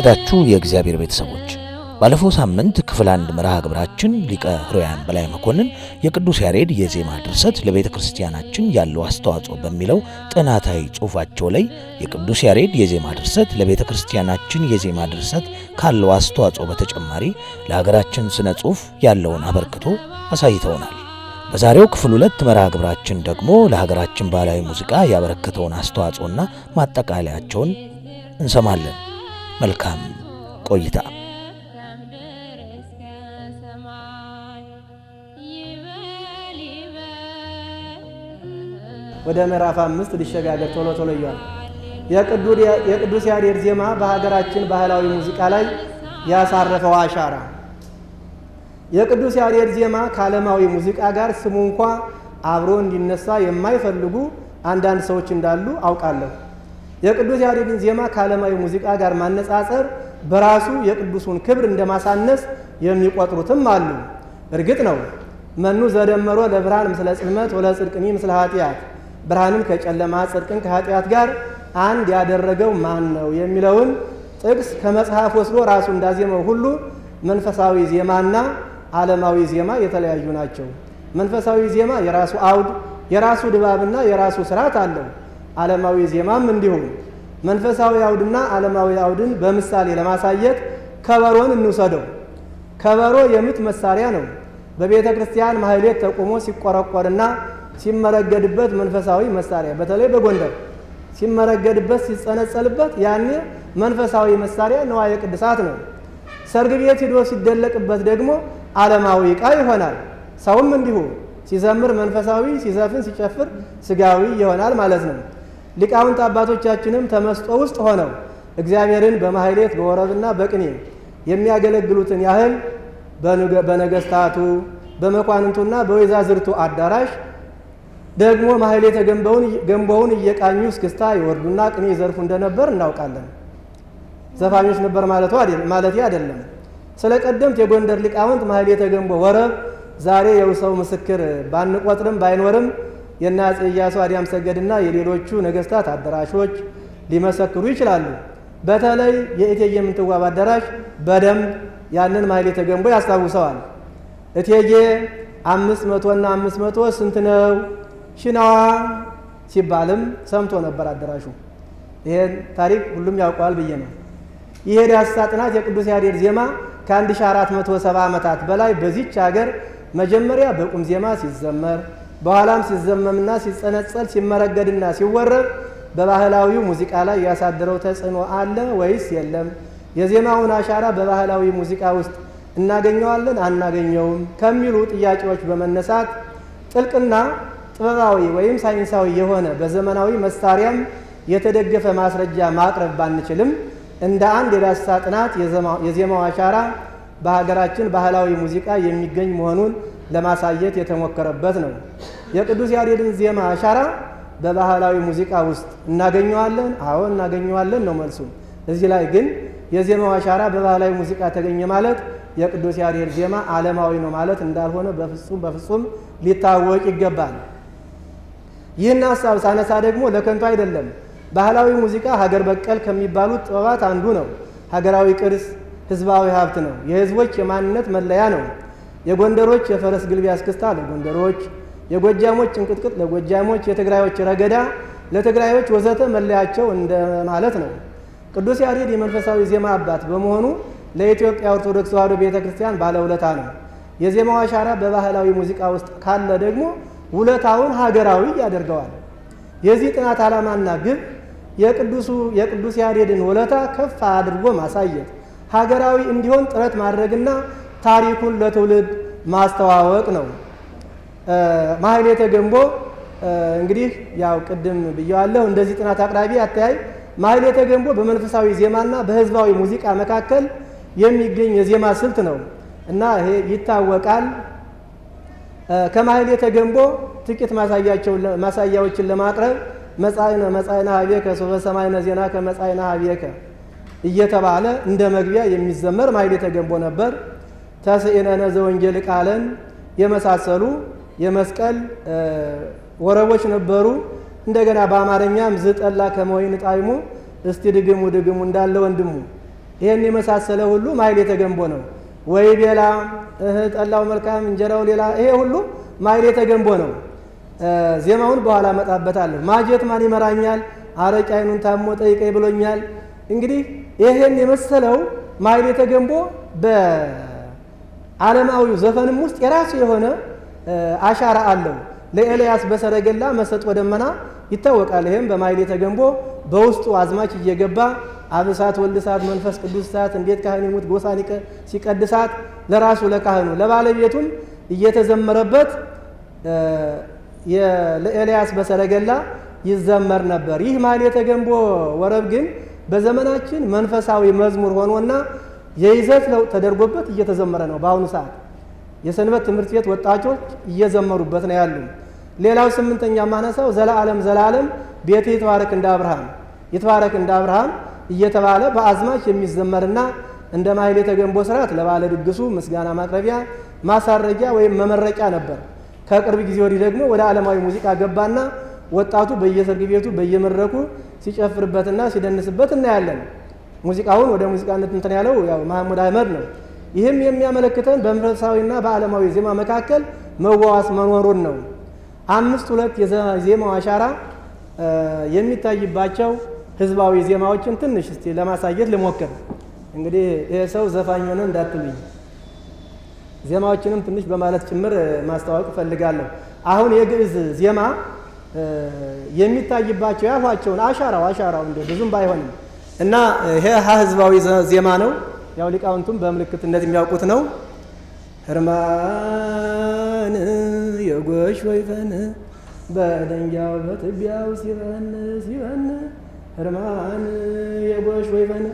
የተወደዳችሁ የእግዚአብሔር ቤተሰቦች ባለፈው ሳምንት ክፍል አንድ መርሃ ግብራችን ሊቀ ሕሩያን በላይ መኮንን የቅዱስ ያሬድ የዜማ ድርሰት ለቤተ ክርስቲያናችን ያለው አስተዋጽኦ በሚለው ጥናታዊ ጽሑፋቸው ላይ የቅዱስ ያሬድ የዜማ ድርሰት ለቤተ ክርስቲያናችን የዜማ ድርሰት ካለው አስተዋጽኦ በተጨማሪ ለሀገራችን ስነ ጽሑፍ ያለውን አበርክቶ አሳይተውናል። በዛሬው ክፍል ሁለት መርሃ ግብራችን ደግሞ ለሀገራችን ባህላዊ ሙዚቃ ያበረከተውን አስተዋጽኦና ማጠቃለያቸውን እንሰማለን። መልካም ቆይታ። ወደ ምዕራፍ አምስት ሊሸጋገር ቶሎ ቶሎ እያል የቅዱስ ያሬድ ዜማ በሀገራችን ባህላዊ ሙዚቃ ላይ ያሳረፈው አሻራ የቅዱስ ያሬድ ዜማ ከዓለማዊ ሙዚቃ ጋር ስሙ እንኳ አብሮ እንዲነሳ የማይፈልጉ አንዳንድ ሰዎች እንዳሉ አውቃለሁ። የቅዱስ ያሬድን ዜማ ከዓለማዊ ሙዚቃ ጋር ማነጻጸር በራሱ የቅዱሱን ክብር እንደማሳነስ የሚቆጥሩትም አሉ። እርግጥ ነው መኑ ዘደመሮ ለብርሃን ምስለ ጽልመት ወለ ጽድቅኒ ምስለ ኃጢአት፣ ብርሃንም ከጨለማ ጽድቅን ከኃጢአት ጋር አንድ ያደረገው ማን ነው የሚለውን ጥቅስ ከመጽሐፍ ወስዶ ራሱ እንዳዜመው ሁሉ መንፈሳዊ ዜማና ዓለማዊ ዜማ የተለያዩ ናቸው። መንፈሳዊ ዜማ የራሱ አውድ፣ የራሱ ድባብና የራሱ ስርዓት አለው። ዓለማዊ ዜማም እንዲሁም መንፈሳዊ አውድና ዓለማዊ አውድን በምሳሌ ለማሳየት ከበሮን እንውሰደው። ከበሮ የምት መሳሪያ ነው። በቤተ ክርስቲያን ማህሌት ተቆሞ ሲቆረቆርና ሲመረገድበት መንፈሳዊ መሳሪያ በተለይ በጎንደር ሲመረገድበት ሲጸነጸልበት፣ ያኔ መንፈሳዊ መሳሪያ ንዋየ ቅድሳት ነው። ሰርግ ቤት ሂዶ ሲደለቅበት ደግሞ ዓለማዊ ዕቃ ይሆናል። ሰውም እንዲሁ ሲዘምር መንፈሳዊ፣ ሲዘፍን ሲጨፍር ስጋዊ ይሆናል ማለት ነው። ሊቃውንት አባቶቻችንም ተመስጦ ውስጥ ሆነው እግዚአብሔርን በማህሌት በወረብና በቅኔ የሚያገለግሉትን ያህል በነገስታቱ በመኳንንቱና በወይዛዝርቱ አዳራሽ ደግሞ ማህሌተ ገንቦውን እየቃኙ እስክስታ ይወርዱና ቅኔ ይዘርፉ እንደነበር እናውቃለን። ዘፋኞች ነበር ማለት አይደለም። ስለ ቀደምት የጎንደር ሊቃውንት ማህሌተ ገንቦ ወረብ ዛሬ የውሰው ምስክር ባንቆጥርም ባይኖርም የእነ አፄ ኢያሱ አዲያም ሰገድና የሌሎቹ ነገስታት አዳራሾች ሊመሰክሩ ይችላሉ። በተለይ የእቴጌ ምንትዋብ አዳራሽ በደንብ ያንን ማኅሌተ ተገንቦ ያስታውሰዋል። እቴጌ አምስት መቶና አምስት መቶ ስንት ነው ሽናዋ ሲባልም ሰምቶ ነበር አዳራሹ። ይሄን ታሪክ ሁሉም ያውቀዋል ብዬ ነው። ይሄ ዳሰሳ ጥናት የቅዱስ ያሬድ ዜማ ከ1470 ዓመታት በላይ በዚች ሀገር መጀመሪያ በቁም ዜማ ሲዘመር በኋላም ሲዘመምና ሲጸነጸል ሲመረገድና ሲወረብ በባህላዊ ሙዚቃ ላይ ያሳደረው ተጽዕኖ አለ ወይስ የለም? የዜማውን አሻራ በባህላዊ ሙዚቃ ውስጥ እናገኘዋለን አናገኘውም? ከሚሉ ጥያቄዎች በመነሳት ጥልቅና ጥበባዊ ወይም ሳይንሳዊ የሆነ በዘመናዊ መሳሪያም የተደገፈ ማስረጃ ማቅረብ ባንችልም እንደ አንድ የዳሰሳ ጥናት የዜማው አሻራ በሀገራችን ባህላዊ ሙዚቃ የሚገኝ መሆኑን ለማሳየት የተሞከረበት ነው። የቅዱስ ያሬድን ዜማ አሻራ በባህላዊ ሙዚቃ ውስጥ እናገኘዋለን። አዎ እናገኘዋለን ነው መልሱ። እዚህ ላይ ግን የዜማው አሻራ በባህላዊ ሙዚቃ ተገኘ ማለት የቅዱስ ያሬድ ዜማ ዓለማዊ ነው ማለት እንዳልሆነ በፍጹም በፍጹም ሊታወቅ ይገባል። ይህን ሀሳብ ሳነሳ ደግሞ ለከንቱ አይደለም። ባህላዊ ሙዚቃ ሀገር በቀል ከሚባሉት ጥበባት አንዱ ነው። ሀገራዊ ቅርስ፣ ህዝባዊ ሀብት ነው። የህዝቦች የማንነት መለያ ነው። የጎንደሮች የፈረስ ግልቢያ እስክስታ ለጎንደሮች፣ የጎጃሞች እንቅጥቅጥ ለጎጃሞች፣ የትግራዮች ረገዳ ለትግራዮች ወዘተ መለያቸው እንደማለት ነው። ቅዱስ ያሬድ የመንፈሳዊ ዜማ አባት በመሆኑ ለኢትዮጵያ ኦርቶዶክስ ተዋሕዶ ቤተ ክርስቲያን ባለውለታ ነው። የዜማው አሻራ በባህላዊ ሙዚቃ ውስጥ ካለ ደግሞ ውለታውን ሀገራዊ ያደርገዋል። የዚህ ጥናት ዓላማና ግብ የቅዱሱ የቅዱስ ያሬድን ውለታ ከፍ አድርጎ ማሳየት ሀገራዊ እንዲሆን ጥረት ማድረግና ታሪኩን ለትውልድ ማስተዋወቅ ነው። ማህሌተ ገንቦ እንግዲህ ያው ቅድም ብየዋለሁ። እንደዚህ ጥናት አቅራቢ አተያይ ማህሌተ ገንቦ በመንፈሳዊ ዜማና በህዝባዊ ሙዚቃ መካከል የሚገኝ የዜማ ስልት ነው እና ይሄ ይታወቃል። ከማህሌተ ገንቦ ጥቂት ማሳያዎችን ለማቅረብ መጻእነ መጻእነ ሀቤከ ሶበ ሰማይነ ዜና ከመጻእነ ሀቤከ እየተባለ እንደ መግቢያ የሚዘመር ማህሌተ ገንቦ ነበር። ተስእነነ ዘወንጌል ቃለን የመሳሰሉ የመስቀል ወረቦች ነበሩ። እንደገና በአማርኛም ዝጠላ ከመወይን ጣይሙ እስቲ ድግሙ ድግሙ እንዳለ ወንድሙ ይህን የመሳሰለ ሁሉ ማይሌ ተገንቦ ነው። ወይ ቤላ ጠላው መልካም እንጀራው ሌላ፣ ይሄ ሁሉ ማሕሌተ ተገንቦ ነው። ዜማውን በኋላ መጣበታለሁ። ማጀት ማን ይመራኛል፣ አረቂ አይኑን ታሞ ጠይቀኝ ብሎኛል። እንግዲህ ይህን የመሰለው ማሕሌተ ገንቦ በ ዓለማዊው ዘፈንም ውስጥ የራሱ የሆነ አሻራ አለው። ለኤልያስ በሰረገላ መሰጦ ደመና ይታወቃል። ይህም በማኅሌተ ገንቦ በውስጡ አዝማች እየገባ አብሳት ወልድሳት መንፈስ ቅዱስሳት እንዴት ካህን የሙት ጎሳ ሲቀድሳት ለራሱ ለካህኑ ለባለቤቱም እየተዘመረበት ለኤልያስ በሰረገላ ይዘመር ነበር። ይህ ማኅሌተ ገንቦ ወረብ ግን በዘመናችን መንፈሳዊ መዝሙር ሆኖና የይዘት ለውጥ ተደርጎበት እየተዘመረ ነው። በአሁኑ ሰዓት የሰንበት ትምህርት ቤት ወጣቶች እየዘመሩበት ነው ያሉ። ሌላው ስምንተኛ ማነሳው ዘለዓለም ዘለዓለም ቤት የተባረክ እንደ አብርሃም የተባረክ እንደ አብርሃም እየተባለ በአዝማች የሚዘመርና እንደ ማህሌተ ገንቦ ስርዓት ለባለ ድግሱ ምስጋና ማቅረቢያ ማሳረጊያ ወይም መመረቂያ ነበር። ከቅርብ ጊዜ ወዲህ ደግሞ ወደ ዓለማዊ ሙዚቃ ገባና ወጣቱ በየሰርግ ቤቱ በየመድረኩ ሲጨፍርበትና ሲደንስበት እናያለን። ሙዚቃውን ወደ ሙዚቃነት እንትን ያለው ያው መሐሙድ አህመድ ነው። ይህም የሚያመለክተን በመንፈሳዊና በዓለማዊ ዜማ መካከል መዋዋስ መኖሩን ነው። አምስት ሁለት የዜማው አሻራ የሚታይባቸው ህዝባዊ ዜማዎችን ትንሽ እስቲ ለማሳየት ልሞክር። እንግዲህ ይህ ሰው ዘፋኝ ሆነ እንዳትሉኝ፣ ዜማዎችንም ትንሽ በማለት ጭምር ማስተዋወቅ እፈልጋለሁ። አሁን የግዕዝ ዜማ የሚታይባቸው ያልኋቸውን አሻራው አሻራው እንደ ብዙም ባይሆንም እና ይሄ ሀ ህዝባዊ ዜማ ነው። ያው ሊቃውንቱም በምልክትነት የሚያውቁት ነው። ህርማን የጎሽ ወይፈን በደንጃው በትቢያው ሲበን ሲበን ህርማን የጎሽ ወይፈን።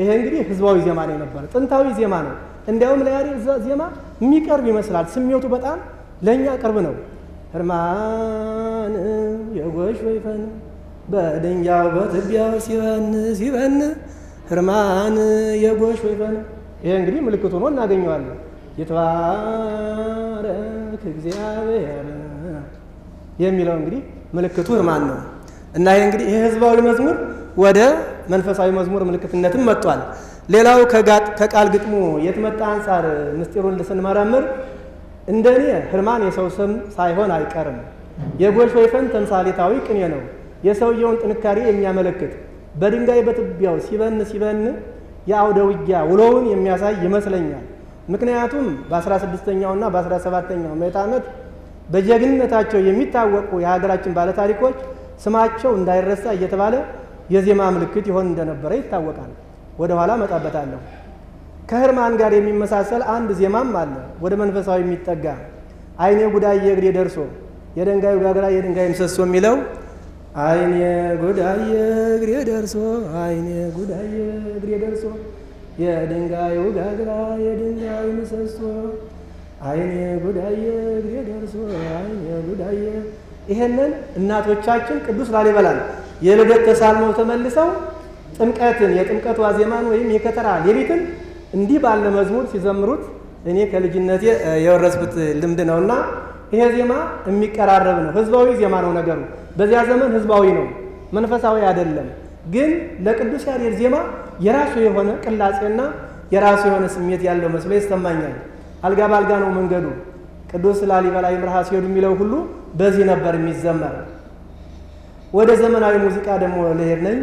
ይሄ እንግዲህ ህዝባዊ ዜማ ነው የነበረ ጥንታዊ ዜማ ነው። እንዲያውም ለያሬድ ዜማ የሚቀርብ ይመስላል። ስሜቱ በጣም ለእኛ ቅርብ ነው። ህርማን የጎሽ ወይፈን በድንጋው በትቢያው ሲበን ሲበን ህርማን የጎሽ ወይበን። ይሄ እንግዲህ ምልክቱ ሆኖ እናገኘዋለን። የተባረክ እግዚአብሔር የሚለው እንግዲህ ምልክቱ ህርማን ነው እና ይሄ እንግዲህ ይሄ ህዝባዊ መዝሙር ወደ መንፈሳዊ መዝሙር ምልክትነትም መጥቷል። ሌላው ከቃል ግጥሙ የትመጣ አንጻር ምስጢሩን ስንመረምር እንደኔ ህርማን የሰው ስም ሳይሆን አይቀርም። የጎሽ ወይፈን ተምሳሌታዊ ቅኔ ነው። የሰውየውን ጥንካሬ የሚያመለክት በድንጋይ በትቢያው ሲበን ሲበን የአውደ ውጊያ ውሎውን የሚያሳይ ይመስለኛል። ምክንያቱም በ16ኛውና በ17ኛው ምዕተ ዓመት በጀግንነታቸው የሚታወቁ የሀገራችን ባለታሪኮች ስማቸው እንዳይረሳ እየተባለ የዜማ ምልክት ይሆን እንደነበረ ይታወቃል። ወደ ኋላ መጣበታለሁ። ከህርማን ጋር የሚመሳሰል አንድ ዜማም አለ። ወደ መንፈሳዊ የሚጠጋ አይኔ ጉዳይ የእግሬ ደርሶ የድንጋዩ ጋግራ የድንጋይ ምሰሶ የሚለው አይኔ ጉዳየ እግሬ ደርሶ አይኔ ጉዳየ እግሬ ደርሶ የድንጋይ ውጋግራ የድንጋይ ምሰሶ አይኔ ጉዳየ እግሬ ደርሶ አይኔ ጉዳየ። ይሄንን እናቶቻችን ቅዱስ ላሊበላን የልደት ተሳልመው ተመልሰው ጥምቀትን የጥምቀት ዋዜማን ወይም የከተራ ሌሊትን እንዲህ ባለ መዝሙር ሲዘምሩት እኔ ከልጅነቴ የወረስኩት ልምድ ነውና ይሄ ዜማ የሚቀራረብ ነው። ህዝባዊ ዜማ ነው ነገሩ በዚያ ዘመን ህዝባዊ ነው፣ መንፈሳዊ አይደለም። ግን ለቅዱስ ያሬድ ዜማ የራሱ የሆነ ቅላጼና የራሱ የሆነ ስሜት ያለው መስሎ ይሰማኛል። አልጋ ባልጋ ነው መንገዱ። ቅዱስ ላሊበላ ይምርሃ ሲሄዱ የሚለው ሁሉ በዚህ ነበር የሚዘመር። ወደ ዘመናዊ ሙዚቃ ደግሞ ልሄድ ነኝ።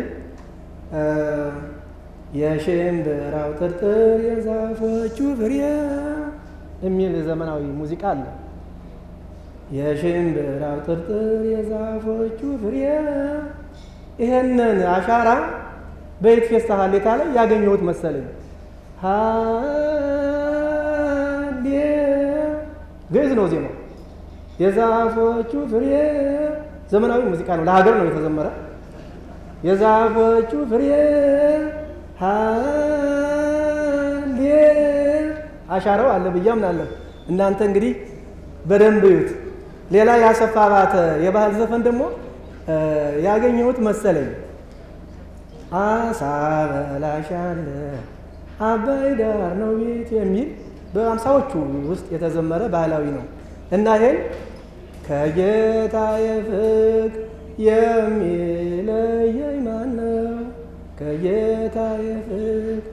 የሽምብራው ጥርጥር የዛፎቹ ፍሬ የሚል ዘመናዊ ሙዚቃ አለ። የሽምብራው ጥርጥር የዛፎቹ ፍሬ ይህንን አሻራ በየት ፌስታ ሀሌታ ላይ ያገኘሁት መሰለኝ። ሀሌ ግዕዝ ነው ዜማ። የዛፎቹ ፍሬ ዘመናዊ ሙዚቃ ነው፣ ለሀገር ነው የተዘመረ። የዛፎቹ ፍሬ ሀሌ አሻራው አለ ብዬ አምናለሁ። እናንተ እንግዲህ በደንብ ይዩት። ሌላ የአሰፋ አባተ የባህል ዘፈን ደግሞ ያገኘሁት መሰለኝ አሳ በላሻለ አባይ ዳር ነው ቤት የሚል በአምሳዎቹ ውስጥ የተዘመረ ባህላዊ ነው እና ይሄን ከጌታ የፍቅ የሚለየኝ ነው? ከጌታ የፍቅ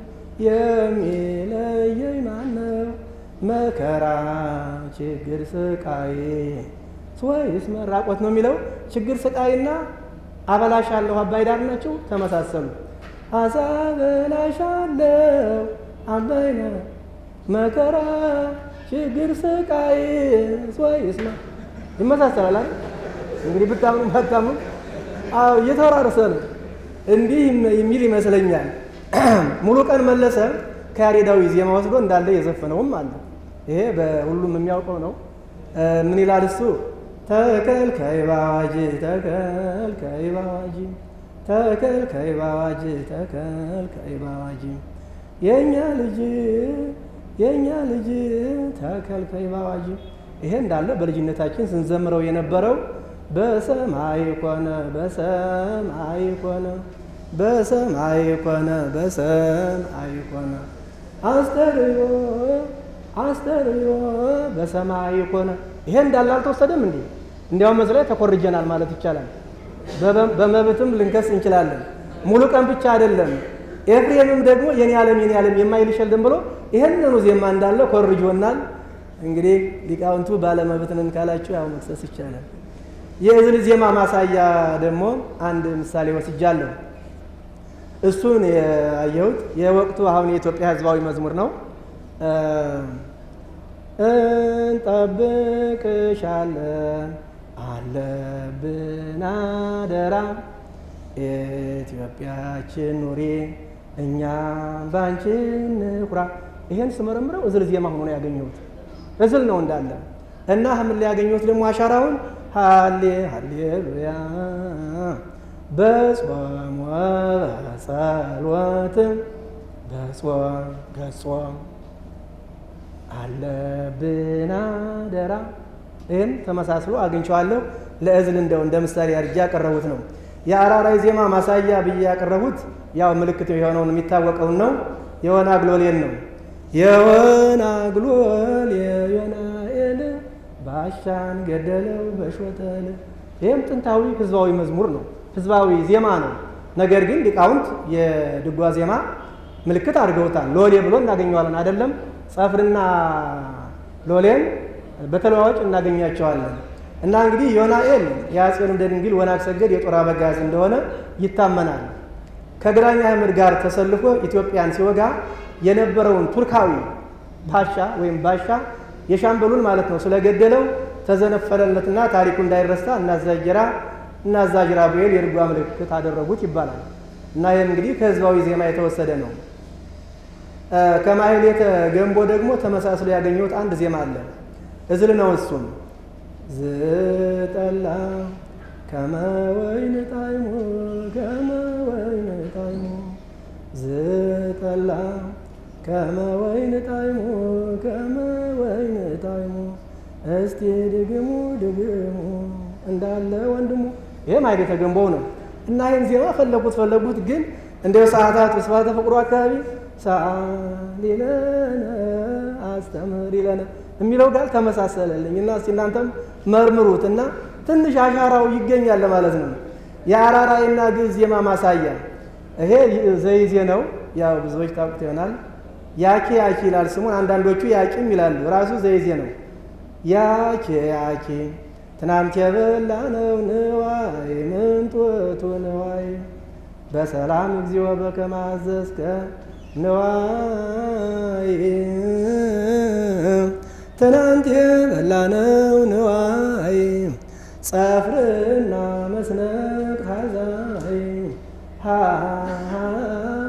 የሚለየኝ ነው? መከራ ችግር ስቃይ ስወይስ ራቆት ነው የሚለው ችግር ስቃይና አበላሽ አለሁ አባይ ዳር ናቸው ተመሳሰሉ። አሳበላሽ አለው አባይ ነ መከራ ችግር ስቃይ ስወይስ ይመሳሰላል አይደል? እንግዲህ ብታምኑ ባታምኑ እየተወራረሰ ነው። እንዲህ የሚል ይመስለኛል። ሙሉ ቀን መለሰ ከያሬዳዊ ዜማ ወስዶ እንዳለ የዘፈነውም አለ። ይሄ በሁሉም የሚያውቀው ነው። ምን ይላል እሱ? ተከልካይ ባዋጅ ተከልካይ ባዋጅ ተከልካይ ባዋጅ ተከልካይ ባዋጅ የእኛ ልጅ የእኛ ልጅ ተከልካይ ባዋጅ። ይሄ እንዳለ በልጅነታችን ስንዘምረው የነበረው በሰማይ ኮነ በሰማይ ኮነ በሰማይ ኮነ በሰማይ ኮነ አስተርዮ አስተርዮ በሰማይ ኮነ ይሄ እንዳለ አልተወሰደም እንዴ? እንዲያውም ላይ ተኮርጀናል ማለት ይቻላል። በመብትም ልንከስ እንችላለን። ሙሉ ቀን ብቻ አይደለም። ኤፍሬምም ደግሞ የኔ ዓለም የኔ ዓለም የማይልሸልም ብሎ ይህንኑ ዜማ እንዳለ ኮርጆናል። እንግዲህ ሊቃውንቱ ባለመብት ነን ካላችሁ ያው መክሰስ ይቻላል። የእዝል ዜማ ማሳያ ደግሞ አንድ ምሳሌ ወስጃለሁ። እሱን ያየሁት የወቅቱ አሁን የኢትዮጵያ ሕዝባዊ መዝሙር ነው። እንጠብቅሻለን አለብን አደራ ኢትዮጵያችን ኑሪ እኛም ባንቺ እንኩራ። ይሄን ስመረምረው እዝል ዜማ ሆኖ ነው ያገኘሁት። እዝል ነው እንዳለ እና ህምን ላይ ያገኘሁት ደግሞ አሻራውን ሃሌ ሃሌሉያ በጾም በጾም ገጾም አለብን አደራ ይህም ተመሳስሎ አግኝቸዋለሁ። ለእዝን እንደው እንደ ምሳሌ አድርጌ ያቀረቡት ነው። የአራራይ ዜማ ማሳያ ብዬ ያቀረቡት ያው ምልክት የሆነውን የሚታወቀውን ነው። የወና ግሎሌን ነው። የወና ግሎሌ የዮናኤል ባሻን ገደለው በሾተል። ይህም ጥንታዊ ህዝባዊ መዝሙር ነው፣ ህዝባዊ ዜማ ነው። ነገር ግን ሊቃውንት የድጓ ዜማ ምልክት አድርገውታል። ሎሌ ብሎ እናገኘዋለን አይደለም? ጸፍርና ሎሌን በተለዋዋጭ እናገኛቸዋለን። እና እንግዲህ ዮናኤል የአጼን ድንግል ወናግ ሰገድ የጦር አበጋዝ እንደሆነ ይታመናል። ከግራኝ አህመድ ጋር ተሰልፎ ኢትዮጵያን ሲወጋ የነበረውን ቱርካዊ ባሻ ወይም ባሻ የሻምበሉን ማለት ነው ስለገደለው ተዘነፈለለትና ታሪኩ እንዳይረሳ እናዛጅራ እናዛጅራ ብኤል የርጓ ምልክት አደረጉት ይባላል። እና ይህም እንግዲህ ከህዝባዊ ዜማ የተወሰደ ነው። ከማህሌተ ገንቦ ደግሞ ተመሳስሎ ያገኘሁት አንድ ዜማ አለ። እዝል ነው እሱም ዝጠላ ከመወይን ጣይሙ ከመወይን ጣይሙ ዝጠላ ከመወይን ጣይሙ ከመወይን ጣይሙ እስቲ ድግሙ ድግሙ እንዳለ ወንድሙ። ይሄ ማይገ ተገንቦው ነው እና ይህን ዜማ ፈለጉት ፈለጉት፣ ግን እንደው ሰዓታት ስብሐተ ፍቅሩ አካባቢ ሰዓሊ ለነ አስተምር ይለናል የሚለው ቃል ተመሳሰለልኝ እና እስቲ እናንተም መርምሩት እና ትንሽ አሻራው ይገኛል ማለት ነው። የአራራይና ግዕዝ ዜማ ማሳያ ይሄ ዘይዜ ነው። ያው ብዙዎች ታውቁት ይሆናል። ያኬ ያኪ ይላል ስሙን፣ አንዳንዶቹ ያቂም ይላሉ። ራሱ ዘይዜ ነው። ያኬ ያኪ ትናንት የበላ ነው ንዋይ ምንጦቱ ንዋይ በሰላም እግዚኦ በከማዘዝከ ንዋይ ትናንት የበላነው ንዋይ ጸፍርና መስነቅ ሀዛይ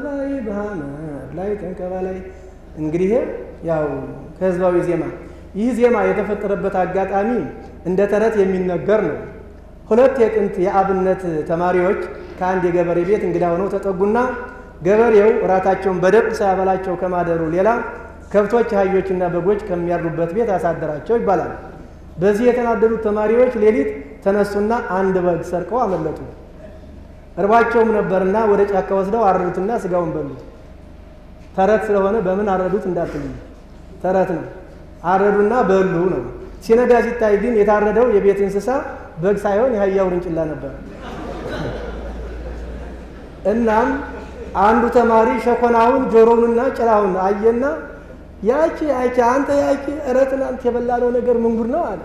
ላይ በሐመር ላይ ጠንቀባ ላይ እንግዲህ ያው ከህዝባዊ ዜማ ይህ ዜማ የተፈጠረበት አጋጣሚ እንደ ተረት የሚነገር ነው። ሁለት የጥንት የአብነት ተማሪዎች ከአንድ የገበሬ ቤት እንግዳ ሆነው ተጠጉና ገበሬው እራታቸውን በደንብ ሳያበላቸው ከማደሩ ሌላ ከብቶች አህዮችና በጎች ከሚያርዱበት ቤት አሳደራቸው ይባላል። በዚህ የተናደዱት ተማሪዎች ሌሊት ተነሱና አንድ በግ ሰርቀው አመለጡ። እርባቸውም ነበርና ወደ ጫካ ወስደው አረዱትና ስጋውን በሉት። ተረት ስለሆነ በምን አረዱት እንዳትሉ፣ ተረት ነው። አረዱና በሉ ነው። ሲነጋ ሲታይ ግን የታረደው የቤት እንስሳ በግ ሳይሆን የአህያ ውርንጭላ ነበር። እናም አንዱ ተማሪ ሸኮናውን ጆሮውንና ጭራውን አየና ያቺ ያቺ አንተ ያቺ ኧረ ትናንት የበላነው ነገር ምንጉር ነው አለ።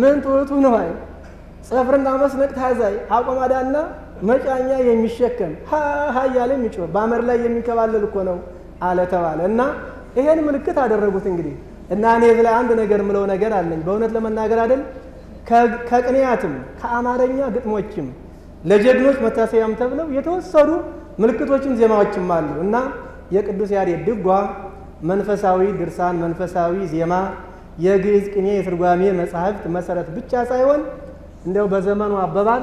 ምን ጥወቱ ነው አይ ጸፍርና መስነቅ ታዛይ አቆማዳና መጫኛ የሚሸከም ሀሀ እያለ በአመር ላይ የሚከባለል እኮ ነው አለ ተባለ እና ይሄን ምልክት አደረጉት። እንግዲህ እና እኔ ብላ አንድ ነገር ምለው ነገር አለኝ በእውነት ለመናገር አይደል ከቅንያትም ከአማርኛ ግጥሞችም ለጀግኖች መታሰያም ተብለው የተወሰዱ ምልክቶችም ዜማዎችም አሉ እና የቅዱስ ያሬድ ድጓ መንፈሳዊ ድርሳን፣ መንፈሳዊ ዜማ፣ የግዕዝ ቅኔ፣ የትርጓሜ መጻሕፍት መሰረት ብቻ ሳይሆን እንደው በዘመኑ አባባል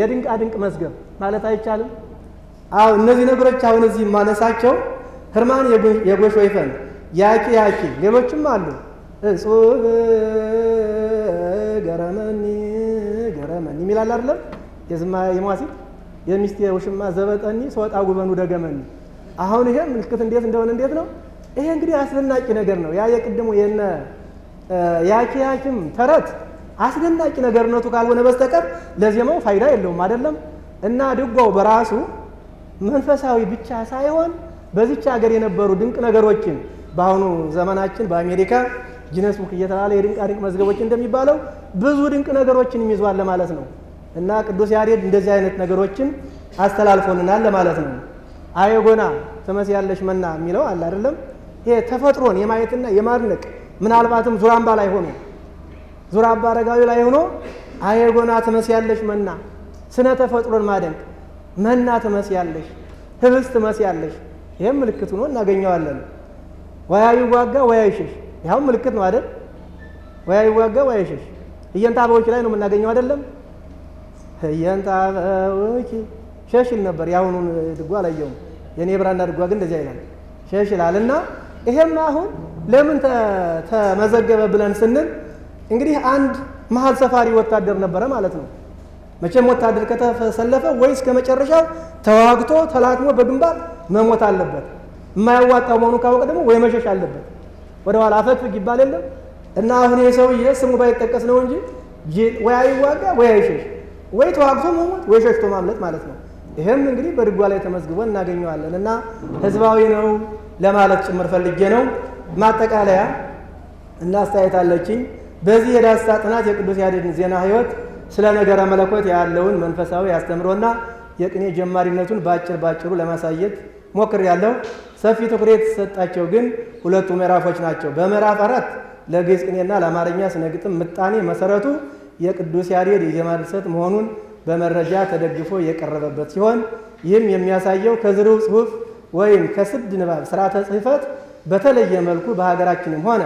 የድንቃ ድንቅ መዝገብ ማለት አይቻልም። አዎ እነዚህ ነገሮች አሁን እዚህ የማነሳቸው ህርማን የጎሽ ወይፈን፣ ያቂ ያቂ፣ ሌሎችም አሉ። እጹብ ገረመኒ ገረመኒ የሚላል አይደለም የዝማ የሟሲት የሚስቴ ውሽማ ዘበጠኒ ሰወጣ ጉበኑ ደገመኒ አሁን ይሄ ምልክት እንዴት እንደሆነ እንዴት ነው? ይሄ እንግዲህ አስደናቂ ነገር ነው። ያ የቅድሙ የነ ያኪ ሐኪም ተረት አስደናቂ ነገርነቱ ካልሆነ በስተቀር ለዜማው ፋይዳ የለውም አይደለም። እና ድጓው በራሱ መንፈሳዊ ብቻ ሳይሆን በዚች ሀገር የነበሩ ድንቅ ነገሮችን በአሁኑ ዘመናችን በአሜሪካ ጂነስ ቡክ እየተባለ የድንቃ ድንቅ መዝገቦች እንደሚባለው ብዙ ድንቅ ነገሮችን የሚይዟል ለማለት ነው። እና ቅዱስ ያሬድ እንደዚህ አይነት ነገሮችን አስተላልፎልናል ለማለት ነው። አየጎና ያለሽ መና የሚለው አለ አይደለም። ይሄ ተፈጥሮን የማየትና የማድነቅ ምናልባትም ዙራምባ ላይ ሆኖ ዙራምባ አረጋዊ ላይ ሆኖ አየጎና ያለሽ መና፣ ስነ ተፈጥሮን ማደንቅ መና ህብስ ህብስት ያለሽ ይህም ምልክት ሆኖ እናገኘዋለን። ወያ ዋጋ ወያይ ሸሽ፣ ይኸውም ምልክት ነው አይደል? ወያ ዋጋ ወያ ሸሽ እየንታ አበዎች ላይ ነው የምናገኘው አይደለም። እየንታ አበቦች ሸሽ ይል ነበር። የአሁኑን ድጓ አላየውም። የኔ ብራና ድጓ ግን እንደዚያ ይላል ሸሽ ይላል እና ይሄም አሁን ለምን ተመዘገበ ብለን ስንል እንግዲህ አንድ መሀል ሰፋሪ ወታደር ነበረ ማለት ነው። መቼም ወታደር ከተሰለፈ ወይስ ከመጨረሻው ተዋግቶ ተላክሞ በግንባር መሞት አለበት። የማያዋጣው መሆኑ ካወቀ ደግሞ ወይ መሸሽ አለበት ወደኋላ አፈግፍግ ይባል የለም እና አሁን ይህ ሰውዬ ስሙ ባይጠቀስ ነው እንጂ ወይ አይዋጋ ወይ አይሸሽ፣ ወይ ተዋግቶ መሞት ወይ ሸሽቶ ማምለጥ ማለት ነው። ይህም እንግዲህ በድጓ ላይ ተመዝግቦ እናገኘዋለን እና ህዝባዊ ነው ለማለት ጭምር ፈልጌ ነው። ማጠቃለያ እናስተያየታለችኝ በዚህ የዳሰሳ ጥናት የቅዱስ ያሬድን ዜና ህይወት ስለ ነገረ መለኮት ያለውን መንፈሳዊ አስተምሮና የቅኔ ጀማሪነቱን በአጭር ባጭሩ ለማሳየት ሞክር ያለው ሰፊ ትኩረት የተሰጣቸው ግን ሁለቱ ምዕራፎች ናቸው። በምዕራፍ አራት ለግዕዝ ቅኔና ለአማርኛ ስነ ግጥም ምጣኔ መሰረቱ የቅዱስ ያሬድ የዜማ ድርሰት መሆኑን በመረጃ ተደግፎ የቀረበበት ሲሆን ይህም የሚያሳየው ከዝርው ጽሁፍ ወይም ከስድ ንባብ ስርዓተ ጽህፈት በተለየ መልኩ በሀገራችንም ሆነ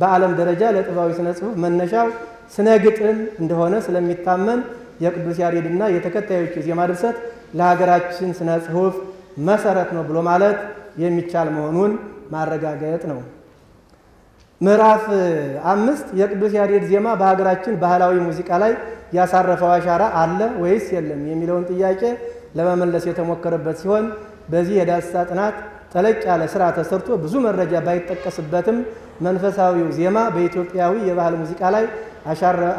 በዓለም ደረጃ ለጥበባዊ ስነ ጽሁፍ መነሻው ስነ ግጥም እንደሆነ ስለሚታመን የቅዱስ ያሬድና የተከታዮች ዜማ ድርሰት ለሀገራችን ስነ ጽሁፍ መሰረት ነው ብሎ ማለት የሚቻል መሆኑን ማረጋገጥ ነው። ምዕራፍ አምስት የቅዱስ ያሬድ ዜማ በሀገራችን ባህላዊ ሙዚቃ ላይ ያሳረፈው አሻራ አለ ወይስ የለም የሚለውን ጥያቄ ለመመለስ የተሞከረበት ሲሆን በዚህ የዳሰሳ ጥናት ጠለቅ ያለ ስራ ተሰርቶ ብዙ መረጃ ባይጠቀስበትም መንፈሳዊው ዜማ በኢትዮጵያዊ የባህል ሙዚቃ ላይ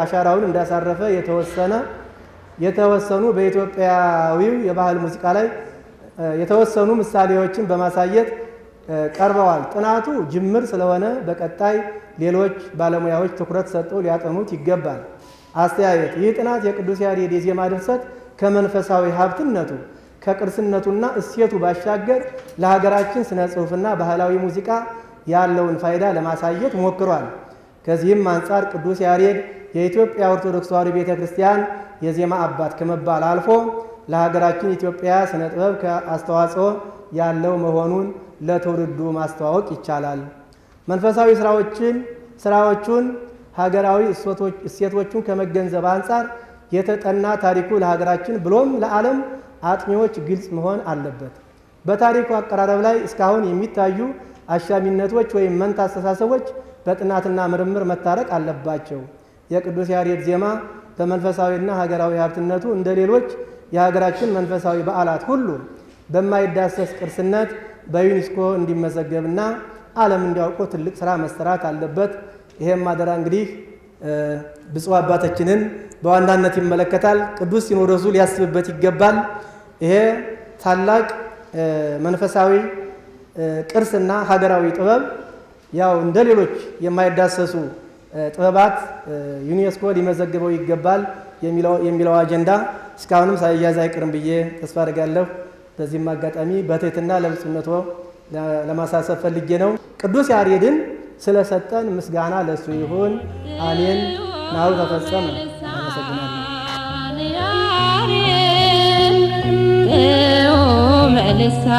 አሻራውን እንዳሳረፈ የተወሰነ የተወሰኑ በኢትዮጵያዊው የባህል ሙዚቃ ላይ የተወሰኑ ምሳሌዎችን በማሳየት ቀርበዋል። ጥናቱ ጅምር ስለሆነ በቀጣይ ሌሎች ባለሙያዎች ትኩረት ሰጥተው ሊያጠኑት ይገባል። አስተያየት፣ ይህ ጥናት የቅዱስ ያሬድ የዜማ ድርሰት ከመንፈሳዊ ሀብትነቱ ከቅርስነቱና እሴቱ ባሻገር ለሀገራችን ስነ ጽሑፍና ባህላዊ ሙዚቃ ያለውን ፋይዳ ለማሳየት ሞክሯል። ከዚህም አንጻር ቅዱስ ያሬድ የኢትዮጵያ ኦርቶዶክስ ተዋሕዶ ቤተ ክርስቲያን የዜማ አባት ከመባል አልፎ ለሀገራችን ኢትዮጵያ ስነ ጥበብ አስተዋጽኦ ያለው መሆኑን ለትውልዱ ማስተዋወቅ ይቻላል። መንፈሳዊ ስራዎችን ስራዎቹን ሀገራዊ እሴቶቹን ከመገንዘብ አንጻር የተጠና ታሪኩ ለሀገራችን ብሎም ለዓለም አጥኚዎች ግልጽ መሆን አለበት። በታሪኩ አቀራረብ ላይ እስካሁን የሚታዩ አሻሚነቶች ወይም መንታ አስተሳሰቦች በጥናትና ምርምር መታረቅ አለባቸው። የቅዱስ ያሬድ ዜማ በመንፈሳዊና ሀገራዊ ሀብትነቱ እንደ ሌሎች የሀገራችን መንፈሳዊ በዓላት ሁሉ በማይዳሰስ ቅርስነት በዩኒስኮ እንዲመዘገብና ዓለም እንዲያውቀው ትልቅ ስራ መሰራት አለበት። ይሄም አደራ እንግዲህ ብፁዕ አባታችንን በዋናነት ይመለከታል። ቅዱስ ሲኖዶሱ ሊያስብበት ይገባል። ይሄ ታላቅ መንፈሳዊ ቅርስና ሀገራዊ ጥበብ ያው እንደ ሌሎች የማይዳሰሱ ጥበባት ዩኔስኮ ሊመዘግበው ይገባል የሚለው አጀንዳ እስካሁንም ሳይያዝ አይቅርም ብዬ ተስፋ አድርጋለሁ። በዚህም አጋጣሚ በትህትና ለብፁዕነቶ ለማሳሰብ ፈልጌ ነው። ቅዱስ ያሬድን ስለሰጠን ምስጋና ለእሱ ይሁን። አሜን። ናሁ ተፈጸመ። አመሰግናለሁ። መልሳ